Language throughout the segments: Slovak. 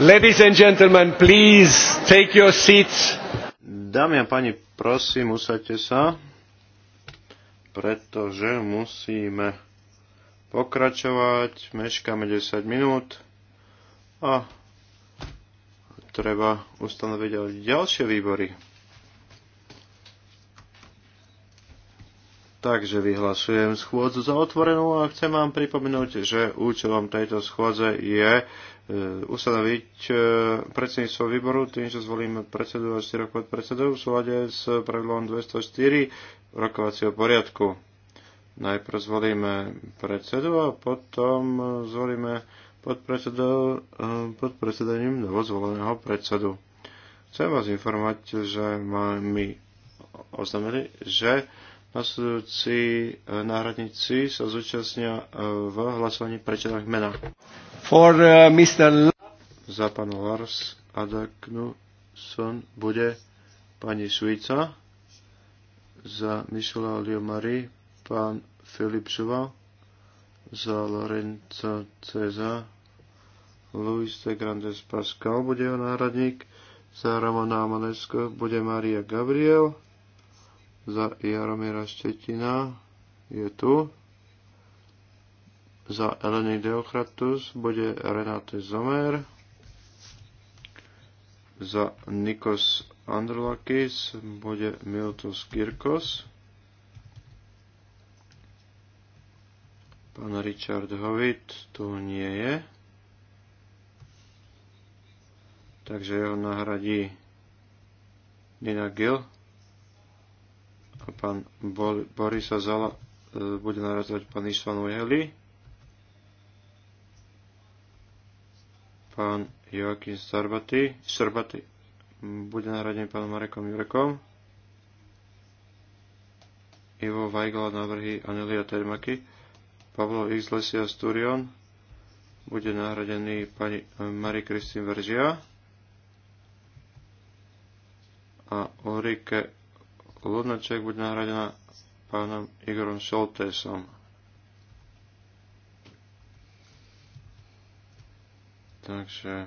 Ladies and gentlemen, please take your seats. Dámy a páni, prosím, usaďte sa, pretože musíme pokračovať. Meškáme 10 minút a treba ustanoviť aj ďalšie výbory. Takže vyhlasujem schôdzu za otvorenú a chcem vám pripomenúť, že účelom tejto schôdze je E, ustanoviť e, predsedníctvo výboru tým, že zvolím predsedu a 4 podpredsedov v súlade s pravidlom 204 rokovacieho poriadku. Najprv zvolíme predsedu a potom zvolíme podpredsedov e, pod predsedením novozvoleného predsedu. Chcem vás informovať, že mi oznámili, že nasledujúci náhradníci sa zúčastnia v hlasovaní prečetných menách. For uh, Mr. L Za pánu Lars Adaknusson bude pani Švica. Za Michela Liomari pán Filip Žuva. Za Lorenza Ceza Luis de Grandes Pascal bude jeho náhradník. Za Ramona Amanesko bude Maria Gabriel. Za Jaromira Štetina je tu. Za Eleny Deokratus bude Renate Zomer. Za Nikos Androlakis bude Miltos Kirkos. Pán Richard Hovit tu nie je. Takže ho nahradí Nina Gill a pán Borisa Zala e, bude narazovať pán Isvan Ujeli. pán Joakim Sarbaty, Sarbaty bude nahradený pánom Marekom Jurekom. Ivo Vajgla navrhy Anelia Termaky. Pavlo X. Lesia Sturion bude nahradený pani Marie Kristín Veržia. A Ulrike Ludnaček bude nahradená pánom Igorom Šoltésom. Takže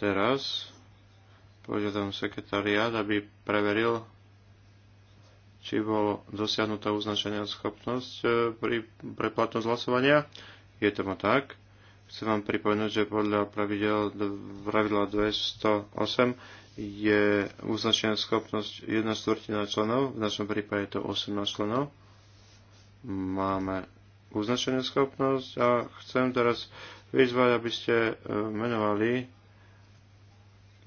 teraz požiadam sekretariát, aby preveril, či bolo dosiahnutá uznačenia schopnosť e, pri preplatnosť hlasovania. Je tomu tak. Chcem vám pripomenúť, že podľa pravidel, pravidla 208 je uznačená schopnosť 1 štvrtina členov, v našom prípade je to 18 členov. Máme uznačenú schopnosť a chcem teraz vyzvať, aby ste e, menovali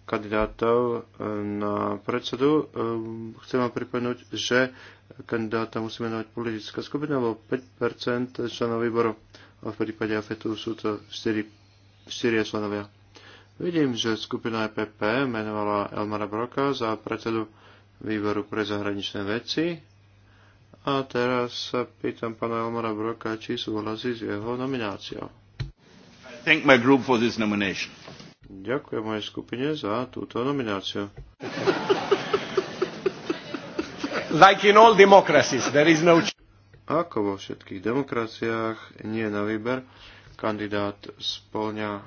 kandidátov e, na predsedu. E, chcem vám pripomenúť, že kandidáta musí menovať politická skupina alebo 5% členov výboru. A v prípade AFETu sú to 4, 4 členovia. Vidím, že skupina EPP menovala Elmara Broka za predsedu výboru pre zahraničné veci a teraz sa pýtam pána Elmara Broka, či súhlasí s jeho nomináciou. Thank my group for this nomination. Ďakujem mojej skupine za túto nomináciu. like in all democracies, there is no... Ako vo všetkých demokraciách, nie na výber, kandidát spĺňa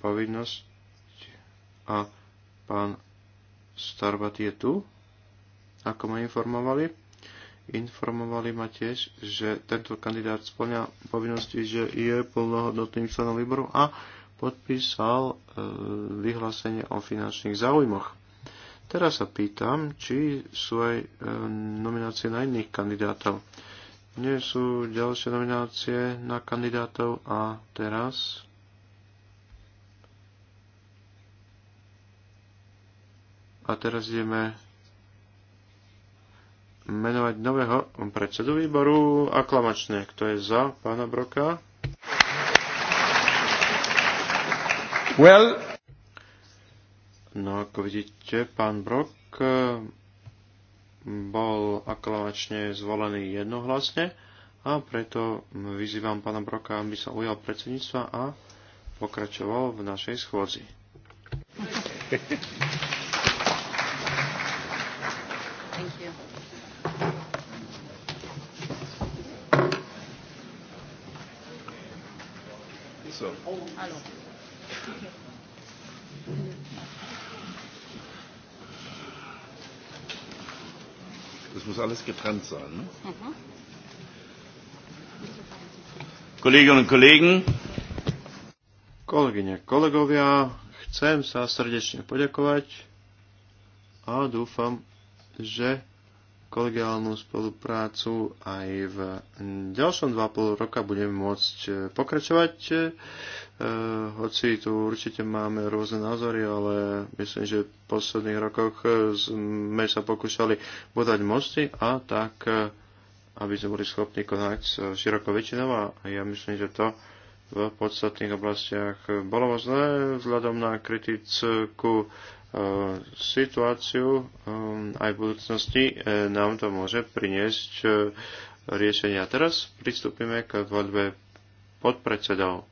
povinnosť a pán Starbat je tu, ako ma informovali informovali ma tiež, že tento kandidát splňa povinnosti, že je plnohodnotným členom výboru a podpísal e, vyhlásenie o finančných záujmoch. Teraz sa pýtam, či sú aj e, nominácie na iných kandidátov. Nie sú ďalšie nominácie na kandidátov a teraz a teraz ideme menovať nového predsedu výboru aklamačne. Kto je za pána Broka? Well. No ako vidíte, pán Brok eh, bol aklamačne zvolený jednohlasne a preto vyzývam pána Broka, aby sa ujal predsedníctva a pokračoval v našej schôdzi. So. Das muss alles getrennt sein. Ne? Mhm. Kolleginnen und Kollegen. ich möchte mich sa srdečne poďakovať a dúfam, že kolegiálnu spoluprácu. Aj v ďalšom 2,5 roka budeme môcť e, pokračovať. E, hoci tu určite máme rôzne názory, ale myslím, že v posledných rokoch e, sme sa pokúšali bodať mosty a tak, aby sme boli schopní konať s širokou väčšinou a ja myslím, že to v podstatných oblastiach bolo možné vzhľadom na kritickú E, situáciu e, aj v budúcnosti e, nám to môže priniesť riešenia. Teraz pristúpime k voľbe podpredsedov.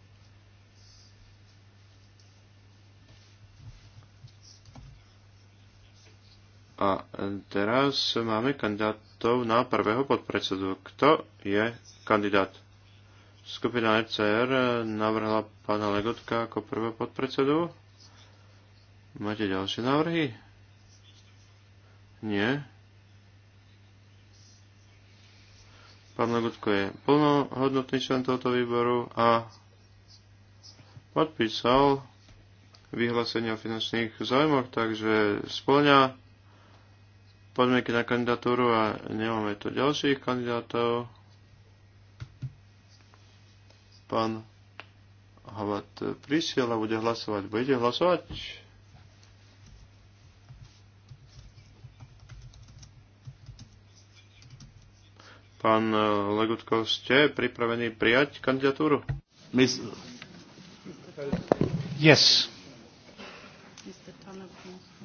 A teraz máme kandidátov na prvého podpredsedu. Kto je kandidát? Skupina ECR navrhla pána Legotka ako prvého podpredsedu. Máte ďalšie návrhy? Nie. Pán Legutko je plnohodnotný člen tohoto výboru a podpísal vyhlásenie o finančných zájmoch, takže splňa podmienky na kandidatúru a nemáme tu ďalších kandidátov. Pán Havat prišiel a bude hlasovať. Budete hlasovať? Pán eh, Legutko, ste pripravení prijať kandidatúru? Miss... Yes.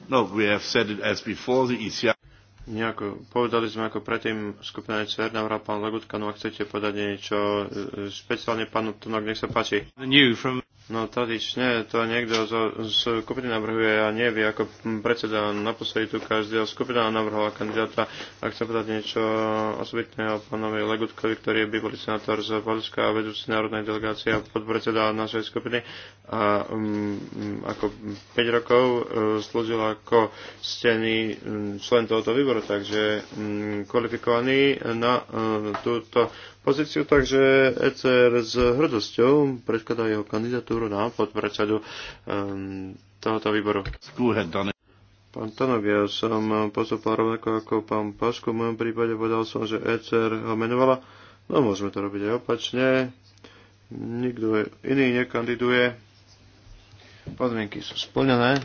No, we have said it as before, the ECR... Nejako, povedali sme ako predtým skupina ECR navrhal pán Legutka, no ak chcete podať niečo eh, eh, špeciálne pánu Tunok, nech sa páči. The new from... No tradične to niekto zo, z skupiny navrhuje a nevie ako predseda. Naposledy tu každá skupina navrhovala kandidáta. A chcem povedať niečo osobitného pánovi Legutkovi, ktorý je bývalý senátor z Polska a vedúci národnej delegácie a podpredseda našej skupiny. A um, ako 5 rokov uh, slúžil ako stený mm, člen tohoto výboru, takže um, kvalifikovaný na uh, túto pozíciu, takže ECR s hrdosťou predkladá jeho kandidatúru na podpredsedu um, tohoto výboru. Pán Tanok, ja som postupoval rovnako ako pán Pašku. V mojom prípade povedal som, že ECR ho menovala. No, môžeme to robiť aj opačne. Nikto iný nekandiduje. Podmienky sú splnené.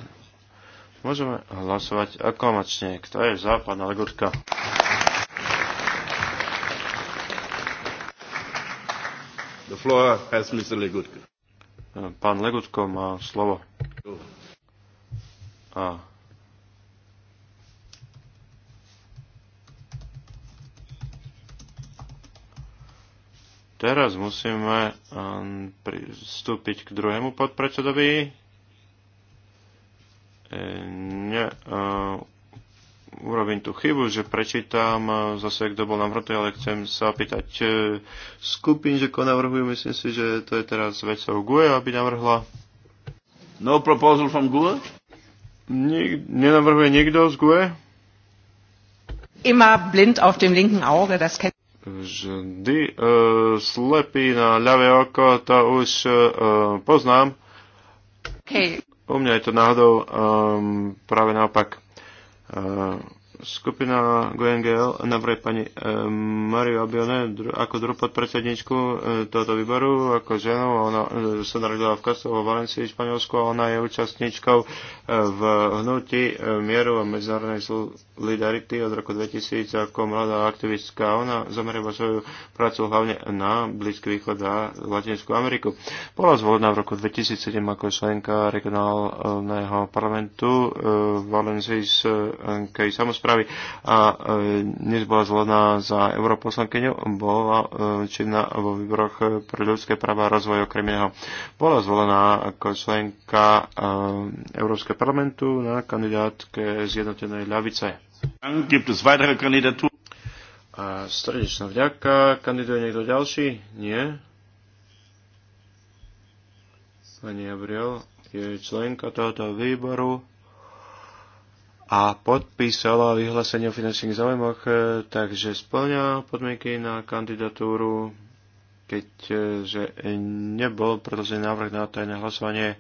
Môžeme hlasovať akomačne. Kto je za pána The floor has Mr. Legutko. E, pán Legutko má slovo. A Teraz musíme e, pristúpiť k druhému podpredsedovi. E, ne, urobím tú chybu, že prečítam e, zase, kto bol navrhnutý, ale chcem sa opýtať e, skupín, že ko navrhujú, myslím si, že to je teraz vecou GUE, aby navrhla. No proposal from GUE? Nik- nenavrhuje nikto z GUE? Immer blind auf dem linken Auge, das kennt vždy uh, slepý na ľavé oko, to už uh, poznám. Okay. U mňa je to náhodou um, práve naopak uh, Skupina GNGL navrhuje pani e, eh, Mariu Abione dr, ako druhú podpredsedničku e, tohoto výboru, ako ženu. Ona e, sa narodila v Kastovo v Valencii, Španielsku a ona je účastníčkou e, v hnutí e, mieru a medzinárodnej solidarity od roku 2000 ako mladá aktivistka. Ona zameriava svoju prácu hlavne na Blízky východ a Latinskú Ameriku. Bola zvolená v roku 2007 ako členka regionálneho parlamentu e, v Valencii s e, samozprávy rozpravy a e, dnes bola zvolená za europoslankyňu, bola e, činná vo výboroch e, pre ľudské práva a rozvoj okrem iného. Bola zvolená ako členka Európskeho parlamentu na kandidátke zjednotenej ľavice. Gibt A vďaka. Kandiduje niekto ďalší? Nie. Pani Abriel je členka tohoto výboru a podpísala vyhlásenie o finančných záujmoch, e, takže splňa podmienky na kandidatúru, keďže e, nebol predložený návrh na tajné hlasovanie.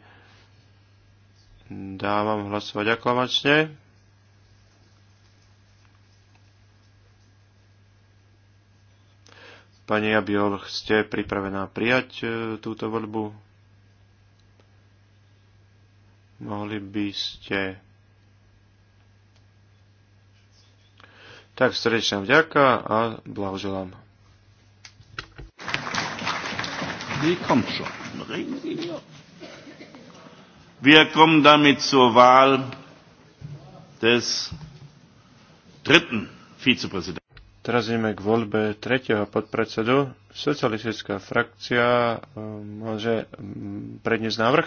Dávam hlasovať aklamačne. Pani Abiol, ste pripravená prijať e, túto voľbu? Mohli by ste Tak srdečná vďaka a blahoželám. Wir kommen damit zur Wahl des dritten Vizepräsidenten. Teraz ideme k voľbe tretieho podpredsedu. Socialistická frakcia um, môže um, predniesť návrh?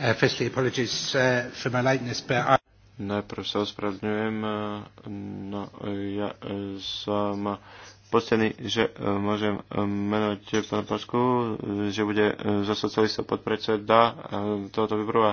Uh, firstly, apologies uh, for my lateness, but I... Najprv sa ospravedlňujem, e, no e, ja e, som postený, že môžem menovať pána Pašku, že bude za socialista podpredseda tohoto výboru a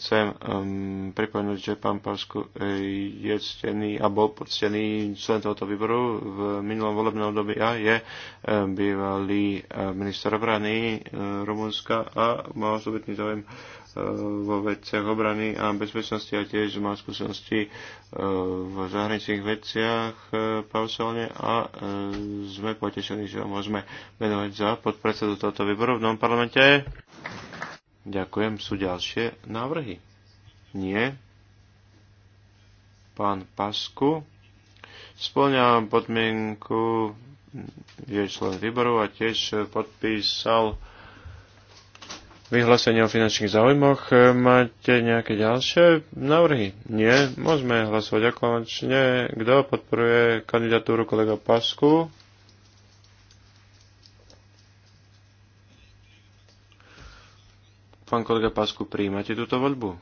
chcem um, pripomenúť, že pán Pasku e, je ctený a bol poctený člen tohoto výboru v minulom volebnom období a je um, bývalý um, minister obrany um, Rumunska a má osobitný záujem vo veciach obrany a bezpečnosti a tiež má skúsenosti v zahraničných veciach paušálne a sme potešení, že ho môžeme menovať za podpredsedu tohoto výboru v novom parlamente. Ďakujem. Sú ďalšie návrhy? Nie. Pán Pasku Spĺňam podmienku, je člen výboru a tiež podpísal vyhlásenie o finančných záujmoch. Máte nejaké ďalšie návrhy? Nie. Môžeme hlasovať aklamačne. Kto podporuje kandidatúru kolega Pasku? Pán kolega Pasku, príjmate túto voľbu?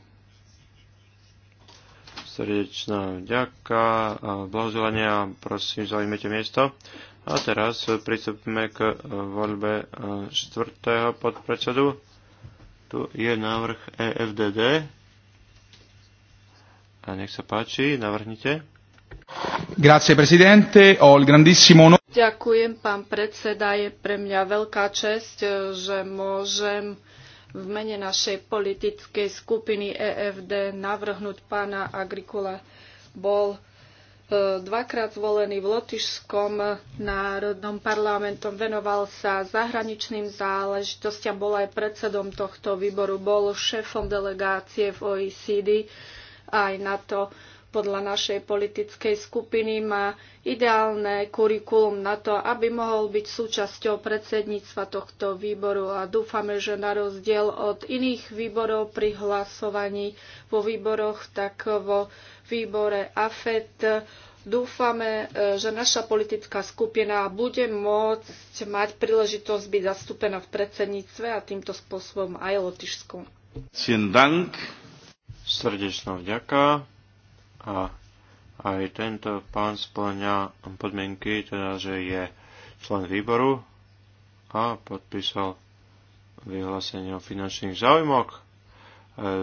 Srdečná ďaká a blahoželania. Prosím, zaujímajte miesto. A teraz pristúpime k voľbe e, štvrtého podpredsedu. Tu je návrh EFDD. A nech sa páči, navrhnite. Grazie, presidente. O il grandissimo onore. Ďakujem, pán predseda. Je pre mňa veľká čest, e, že môžem v mene našej politickej skupiny EFD navrhnúť pána Agrikula. Bol e, dvakrát zvolený v Lotyšskom národnom parlamentom, venoval sa zahraničným záležitostiam, bol aj predsedom tohto výboru, bol šéfom delegácie v OECD aj na to podľa našej politickej skupiny má ideálne kurikulum na to, aby mohol byť súčasťou predsedníctva tohto výboru a dúfame, že na rozdiel od iných výborov pri hlasovaní vo výboroch, tak vo výbore AFET dúfame, e, že naša politická skupina bude môcť mať príležitosť byť zastúpená v predsedníctve a týmto spôsobom aj Lotyšsku. Srdečná vďaka. A aj tento pán splňa podmienky, teda že je člen výboru a podpísal vyhlásenie o finančných záujmoch. E,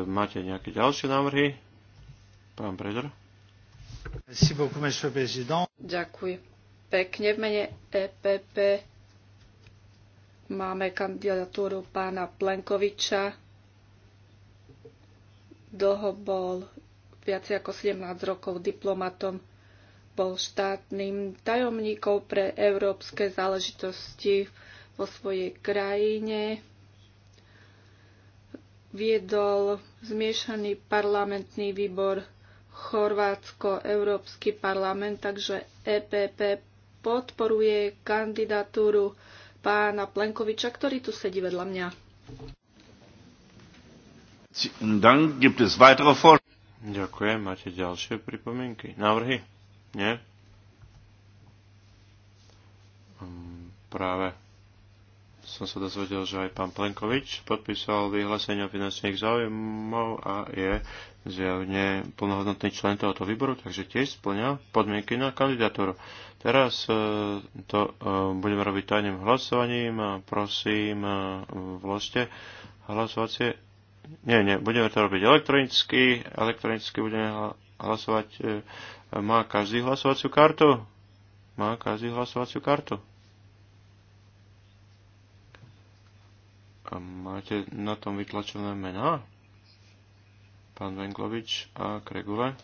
máte nejaké ďalšie návrhy? Pán Predor. Ďakujem pekne. V mene EPP máme kandidatúru pána Plenkoviča. Dlho bol viacej ako 17 rokov diplomatom. Bol štátnym tajomníkom pre európske záležitosti vo svojej krajine. Viedol zmiešaný parlamentný výbor Chorvátsko-Európsky parlament, takže EPP podporuje kandidatúru pána Plenkoviča, ktorý tu sedí vedľa mňa. Ďakujem. Máte ďalšie pripomienky? Návrhy? Nie? Hm, práve som sa dozvedel, že aj pán Plenkovič podpísal vyhlásenie o finančných záujmov a je zjavne plnohodnotný člen tohoto výboru, takže tiež splňa podmienky na kandidatúru. Teraz e, to e, budeme robiť tajným hlasovaním a prosím e, vložte hlasovacie nie, nie, budeme to robiť elektronicky. Elektronicky budeme hlasovať. E, má každý hlasovaciu kartu? Má každý hlasovaciu kartu? A máte na tom vytlačené mená? Pán Venklovič a Kregule?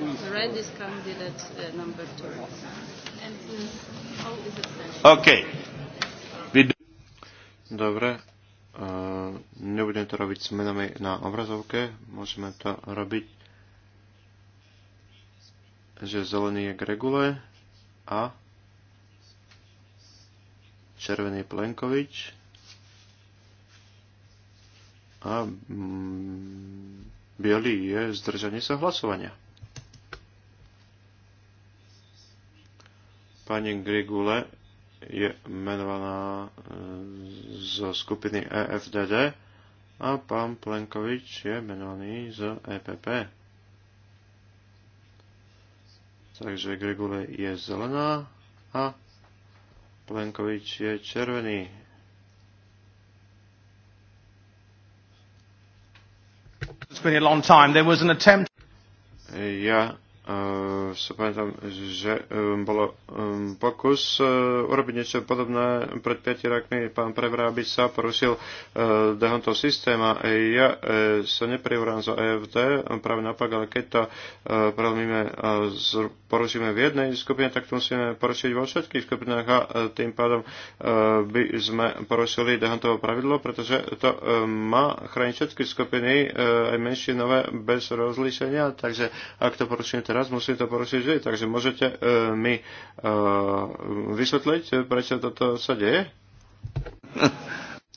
Randy's candidate uh, number two. And uh, how is it Okay. Dobre. Uh, nebudem to robiť s menami na obrazovke. Môžeme to robiť, že zelený je Gregule a červený je Plenkovič a mm, bielý je zdržanie sa hlasovania. Pani Grigule je menovaná e, zo skupiny EFDD a pán Plenkovič je menovaný z EPP. Takže Grigule je zelená a Plenkovič je červený. ja Eh, sa pamätám, že bolo pokus eh, urobiť niečo podobné pred 5 rokmi. Pán aby sa porušil eh, Dehontov systém a ja sa neprivorám za EFD, práve naopak, ale keď to prelomíme, porušíme v jednej skupine, tak to musíme porušiť vo všetkých skupinách a tým pádom by sme porušili Dehontovo pravidlo, pretože to má chrániť všetky skupiny, aj menšie nové bez rozlíšenia, takže ak to porušíme teraz, raz to porušiť vždy. Takže môžete e, mi e, vysvetliť, e, prečo toto sa deje?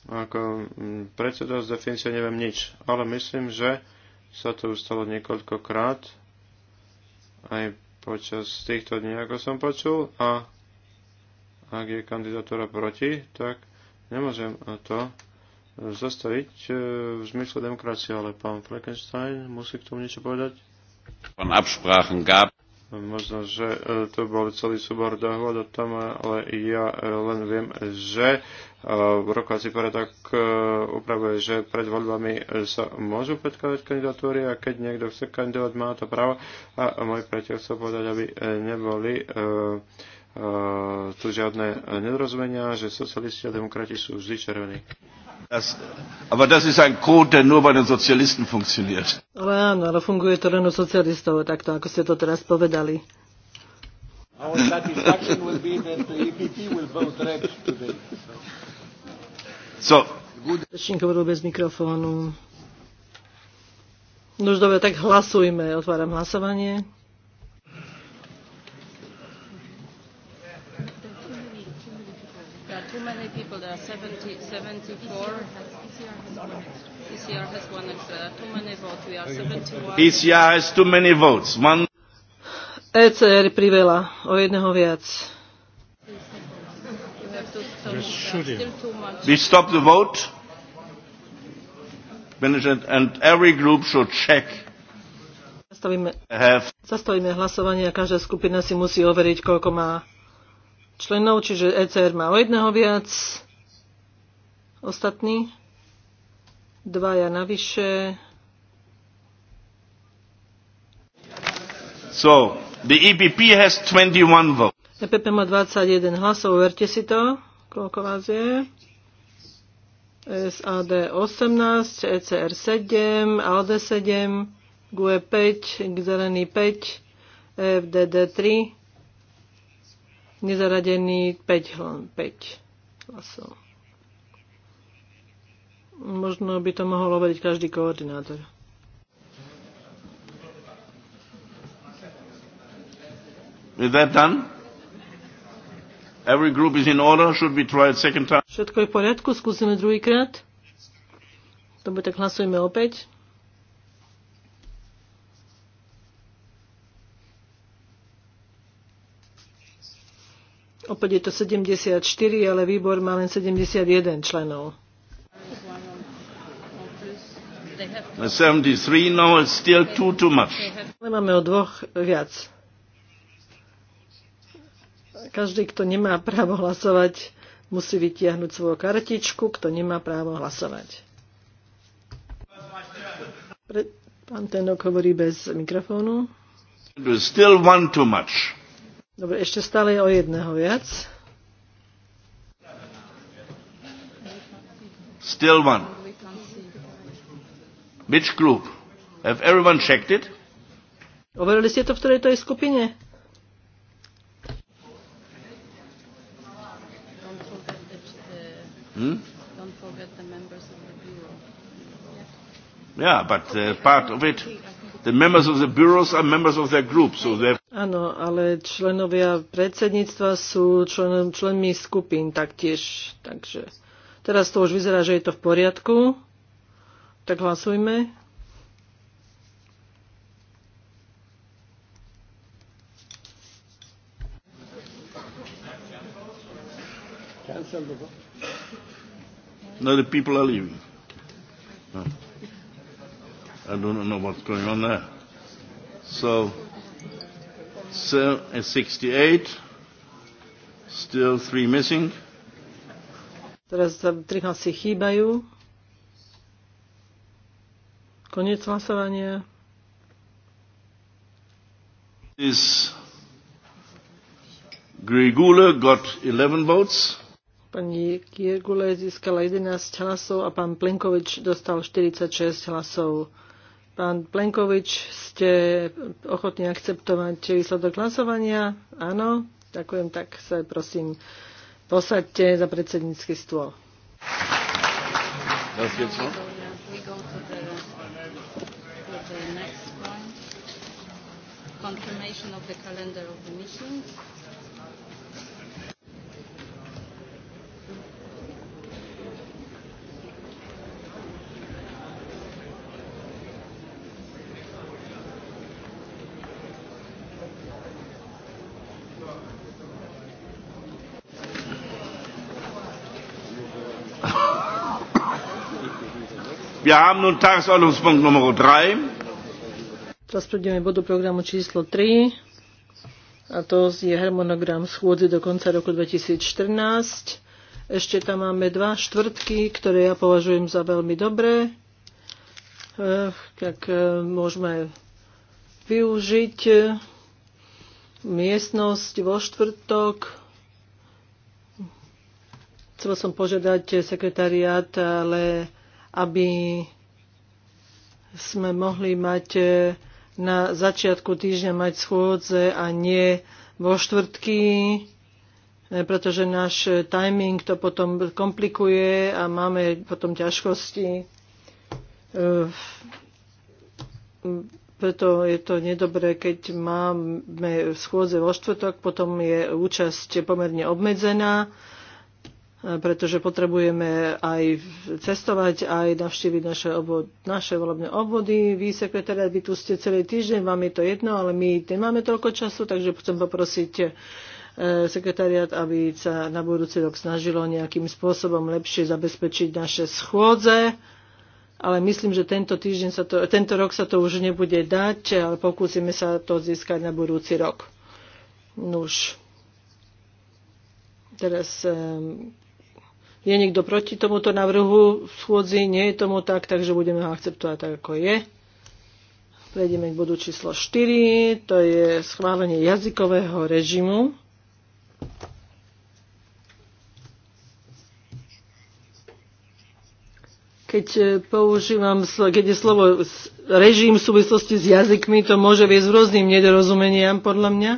Ako predseda z definície neviem nič, ale myslím, že sa to ustalo stalo niekoľkokrát aj počas týchto dní, ako som počul a ak je kandidatúra proti, tak nemôžem to zastaviť e, v zmysle demokracie, ale pán Fleckenstein musí k tomu niečo povedať. Možno, že e, to bol celý súbor dohod o tom, ale ja e, len viem, že v e, rokovací tak upravuje, že pred voľbami sa môžu predkladať kandidatúry a keď niekto chce kandidovať, má to právo. A môj priateľ chcel povedať, aby neboli tu žiadne nedorozumenia, že socialisti a demokrati sú vždy červení. Das, aber das ist ein Code, der nur bei den Sozialisten funktioniert. Ale áno, ale funguje to len u socialistov, takto, ako ste to teraz povedali. Our satisfaction will e bez mikrofónu. No už dobre, tak hlasujme. Otváram hlasovanie. PCR has Too many votes. ECR has too many votes. One. ECR priveľa, o jedného viac. We stop the vote. Management and every group should check. Zastavíme, have. zastavíme hlasovanie a každá skupina si musí overiť, koľko má členov, čiže ECR má o jedného viac ostatní. Dvaja navyše. So, the EPP has 21 votes. EPP má 21 hlasov, verte si to, koľko vás je. SAD 18, ECR 7, ALDE 7, GUE 5, Zelený 5, FDD 3, nezaradený 5, 5 hlasov. Možno by to mohol overiť každý koordinátor. Is that done, every group is in order, should be tried second time. Všetko je v poriadku, skúsime druhýkrát. Dobre, tak hlasujeme opäť. Opäť je to 74, ale výbor má len 71 členov. 73 now is still too too much. Máme o dvoch viac. Každý, kto nemá právo hlasovať, musí vytiahnuť svoju kartičku, kto nemá právo hlasovať. Pre, pán Tenok hovorí bez mikrofónu. Still one too much. Dobre, ešte stále je o jedného viac. Still one. Which group? Have everyone checked it? Overili ste to v ktorej to je skupine? Hmm? Don't forget the members of the bureau. Yeah, but uh, part of it, the members of the bureaus are members of their group, so they. Ano, ale členovia predsedníctva sú členom, členmi skupín taktiež, takže teraz to už vyzerá, že je to v poriadku. Tak hlasujme. No, the people are leaving. No. I don't know what's going on there. So, so uh, 68, still three missing. Teraz tam 13 chýbajú. Koniec hlasovania. Is Grigula got 11 votes. Pani Kiergule získala 11 hlasov a pán Plenkovič dostal 46 hlasov. Pán Plenkovič, ste ochotní akceptovať výsledok hlasovania? Áno, ďakujem, tak sa prosím posaďte za predsednícky stôl. Ďakujem. the calendar of the meeting. Wir haben nun Tagesordnungspunkt Nummer 3. Rozprúdime bodu programu číslo 3 a to je harmonogram schôdze do konca roku 2014. Ešte tam máme dva štvrtky, ktoré ja považujem za veľmi dobré. E, tak e, môžeme využiť e, miestnosť vo štvrtok chcel som požiadať sekretariát, ale aby sme mohli mať na začiatku týždňa mať schôdze a nie vo štvrtky, eh, pretože náš timing to potom komplikuje a máme potom ťažkosti. Eh, preto je to nedobré, keď máme schôdze vo štvrtok, potom je účasť pomerne obmedzená pretože potrebujeme aj cestovať, aj navštíviť naše, obvod, naše volebné obvody. Vy, sekretariat, vy tu ste celý týždeň, vám je to jedno, ale my nemáme toľko času, takže chcem poprosiť e, sekretariat, aby sa na budúci rok snažilo nejakým spôsobom lepšie zabezpečiť naše schôdze ale myslím, že tento, týždeň sa to, tento rok sa to už nebude dať, ale pokúsime sa to získať na budúci rok. Nuž. Teraz um, je niekto proti tomuto návrhu schôdzi? Nie je tomu tak, takže budeme ho akceptovať tak, ako je. Prejdeme k bodu číslo 4, to je schválenie jazykového režimu. keď eh, používam, keď je slovo režim v súvislosti s jazykmi, to môže viesť rôznym nedorozumeniam, podľa mňa.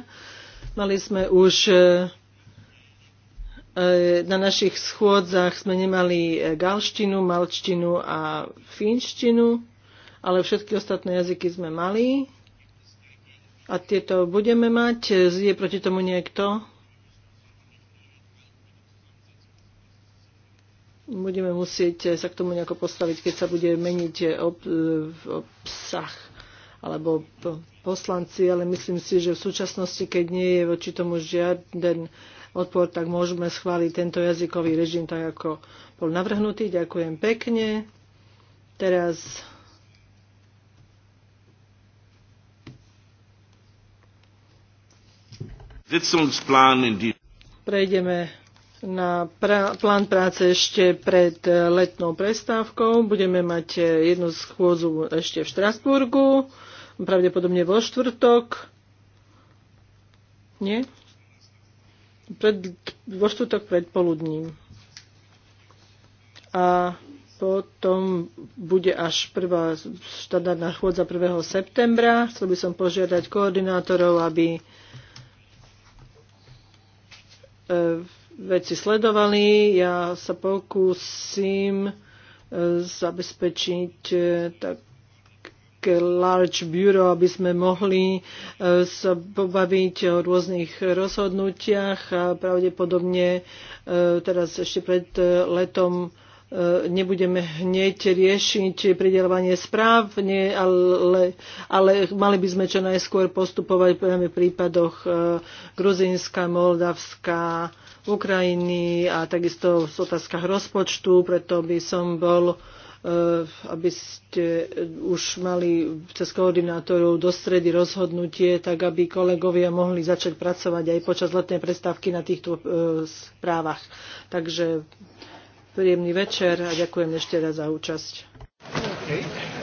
Mali sme už eh, E, na našich schôdzach sme nemali e, galštinu, malčtinu a fínštinu, ale všetky ostatné jazyky sme mali. A tieto budeme mať? E, je proti tomu niekto? Budeme musieť sa k tomu nejako postaviť, keď sa bude meniť ob, obsah alebo poslanci, ale myslím si, že v súčasnosti, keď nie je voči tomu žiaden odpor, tak môžeme schváliť tento jazykový režim tak, ako bol navrhnutý. Ďakujem pekne. Teraz Prejdeme na pra- plán práce ešte pred eh, letnou prestávkou. Budeme mať eh, jednu schôdzu ešte v Štrasburgu, pravdepodobne vo štvrtok. Nie? pred, vo štvrtok predpoludním. A potom bude až prvá štandardná chôdza 1. septembra. Chcel by som požiadať koordinátorov, aby e, veci sledovali. Ja sa pokúsim e, zabezpečiť e, tak také Large Bureau, aby sme mohli e, sa pobaviť o rôznych rozhodnutiach a pravdepodobne e, teraz ešte pred e, letom nebudeme hneď riešiť pridelovanie správ, nie, ale, ale mali by sme čo najskôr postupovať v prípadoch Gruzinska, Moldavska, Ukrajiny a takisto v otázkach rozpočtu, preto by som bol Eh, aby ste už mali cez koordinátorov do stredy rozhodnutie, tak aby kolegovia mohli začať pracovať aj počas letnej prestávky na týchto eh, správach. Takže príjemný večer a ďakujem ešte raz za účasť. Okay.